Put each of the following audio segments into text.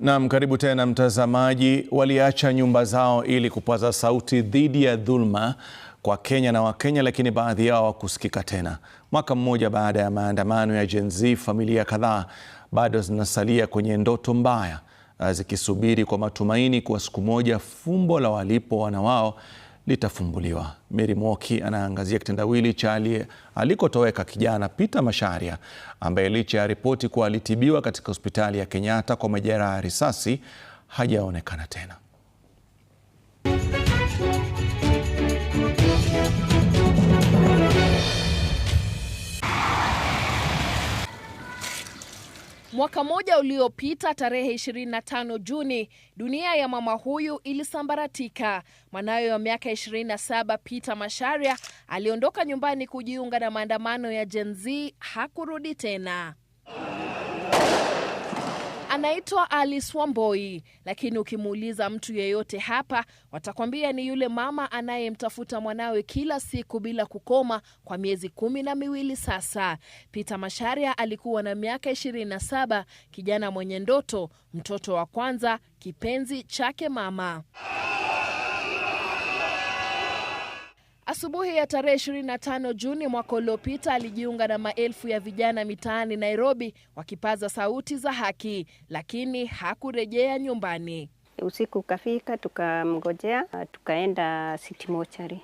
Naam, karibu tena mtazamaji. Waliacha nyumba zao ili kupaza sauti dhidi ya dhulma kwa Kenya na Wakenya, lakini baadhi yao hawakusikika tena. Mwaka mmoja baada ya maandamano ya Gen Z, familia kadhaa bado zinasalia kwenye ndoto mbaya, zikisubiri kwa matumaini kwa siku moja fumbo la walipo wana wao litafumbuliwa. Mary Mwoki anaangazia kitendawili cha alikotoweka kijana Peter masharia ambaye licha ya ripoti kuwa alitibiwa katika hospitali ya Kenyatta kwa majeraha ya risasi hajaonekana tena. Mwaka mmoja uliopita tarehe 25 Juni, dunia ya mama huyu ilisambaratika. Mwanawe wa miaka 27 Peter masharia aliondoka nyumbani kujiunga na maandamano ya Gen Z, hakurudi tena. Anaitwa Alice Wamboi, lakini ukimuuliza mtu yeyote hapa watakwambia ni yule mama anayemtafuta mwanawe kila siku bila kukoma kwa miezi kumi na miwili sasa. Peter Masharia alikuwa na miaka ishirini na saba, kijana mwenye ndoto, mtoto wa kwanza, kipenzi chake mama Asubuhi ya tarehe 25 Juni mwaka uliopita alijiunga na maelfu ya vijana mitaani Nairobi wakipaza sauti za haki, lakini hakurejea nyumbani. Usiku ukafika, tukamngojea, tukaenda City Mortuary,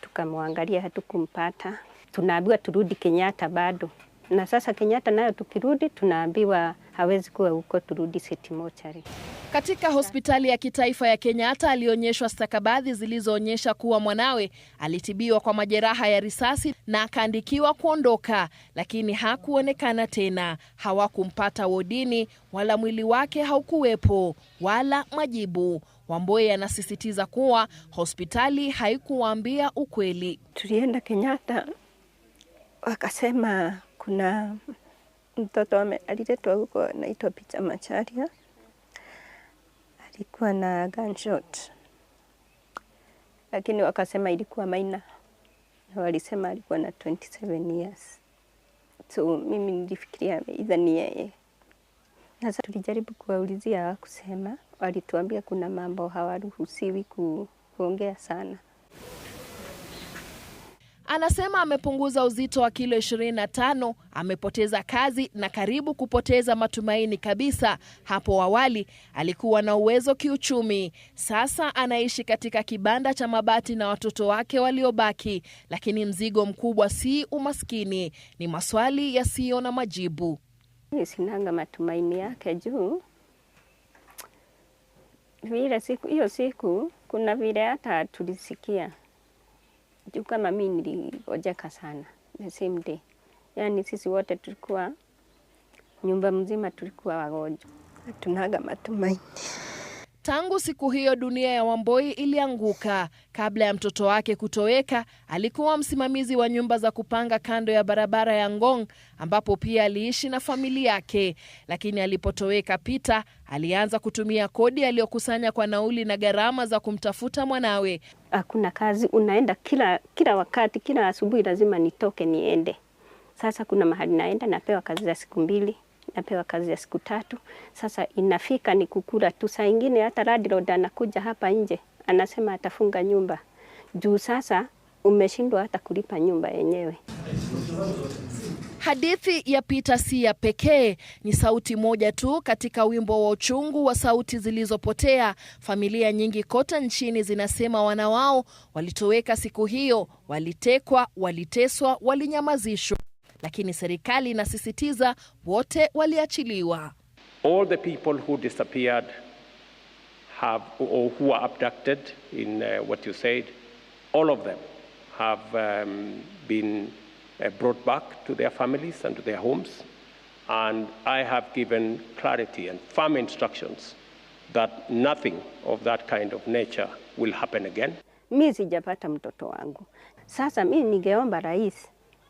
tukamwangalia, hatukumpata. Tunaambiwa turudi Kenyatta bado na sasa Kenyatta nayo tukirudi tunaambiwa hawezi kuwa huko, turudi City Mochari. Katika hospitali ya kitaifa ya Kenyatta alionyeshwa stakabadhi zilizoonyesha kuwa mwanawe alitibiwa kwa majeraha ya risasi na akaandikiwa kuondoka, lakini hakuonekana tena. Hawakumpata wodini, wala mwili wake haukuwepo wala majibu. Wamboe anasisitiza kuwa hospitali haikuwaambia ukweli. Tulienda Kenyatta wakasema kuna mtoto aliletwa huko anaitwa Peter Macharia, alikuwa na gunshot, lakini wakasema ilikuwa maina na walisema alikuwa na 27 years. So mimi nilifikiria iza ni yeye. Sasa tulijaribu kuwaulizia hawakusema, walituambia kuna mambo hawaruhusiwi ku, kuongea sana. Anasema amepunguza uzito wa kilo 25, amepoteza kazi na karibu kupoteza matumaini kabisa. Hapo awali alikuwa na uwezo kiuchumi, sasa anaishi katika kibanda cha mabati na watoto wake waliobaki, lakini mzigo mkubwa si umaskini, ni maswali yasiyo na majibu. Sinanga matumaini yake juu vile siku hiyo siku, kuna vile hata tulisikia juu kama mi niliojeka sana the same day, Yani sisi wote tulikuwa nyumba mzima tulikuwa wagonjwa, tunaga matumaini Tangu siku hiyo dunia ya Wamboi ilianguka. Kabla ya mtoto wake kutoweka, alikuwa msimamizi wa nyumba za kupanga kando ya barabara ya Ngong, ambapo pia aliishi na familia yake. Lakini alipotoweka Peter, alianza kutumia kodi aliyokusanya kwa nauli na gharama za kumtafuta mwanawe. Hakuna kazi, unaenda kila, kila wakati, kila asubuhi lazima nitoke niende. Sasa kuna mahali naenda, napewa kazi za siku mbili napewa kazi ya siku tatu. Sasa inafika ni kukula tu, saa ingine hata landlord anakuja hapa nje anasema atafunga nyumba juu sasa umeshindwa hata kulipa nyumba yenyewe. Hadithi ya Peter si ya pekee, ni sauti moja tu katika wimbo wa uchungu wa sauti zilizopotea. Familia nyingi kote nchini zinasema wana wao walitoweka siku hiyo, walitekwa, waliteswa, walinyamazishwa lakini serikali inasisitiza wote waliachiliwa. All the people who disappeared have or who are abducted in uh, what you said all of them have um, been uh, brought back to their families and to their homes and I have given clarity and firm instructions that nothing of that kind of nature will happen again. Mi sijapata mtoto wangu. Sasa mi ningeomba rais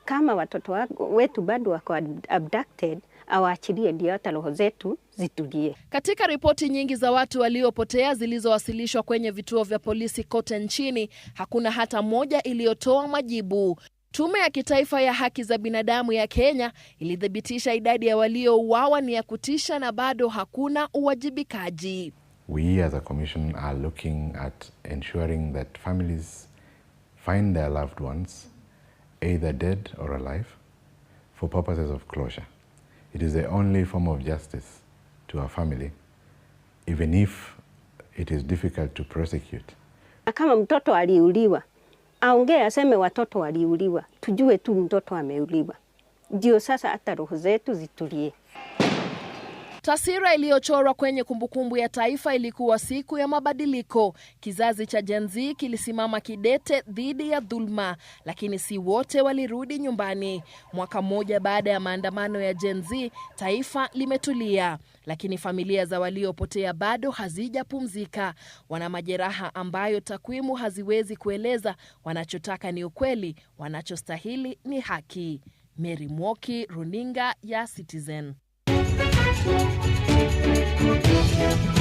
kama watoto wetu bado wako abducted awaachilie, ndio hata roho zetu zitulie. Katika ripoti nyingi za watu waliopotea zilizowasilishwa kwenye vituo vya polisi kote nchini, hakuna hata moja iliyotoa majibu. Tume ya Kitaifa ya Haki za Binadamu ya Kenya ilithibitisha idadi ya waliouawa ni ya kutisha na bado hakuna uwajibikaji. We as a commission are looking at ensuring that families find their loved ones either dead or alive, for purposes of closure. It is the only form of justice to our family, even if it is difficult to prosecute. Kama mtoto aliuliwa, aongee aseme watoto waliuliwa, tujue tu mtoto ameuliwa. Ndio sasa hata roho zetu zitulie. Taswira iliyochorwa kwenye kumbukumbu ya taifa ilikuwa siku ya mabadiliko. Kizazi cha Gen Z kilisimama kidete dhidi ya dhulma, lakini si wote walirudi nyumbani. Mwaka mmoja baada ya maandamano ya Gen Z, taifa limetulia, lakini familia za waliopotea bado hazijapumzika. Wana majeraha ambayo takwimu haziwezi kueleza. Wanachotaka ni ukweli, wanachostahili ni haki. Mary Mwoki, runinga ya Citizen. Thank you.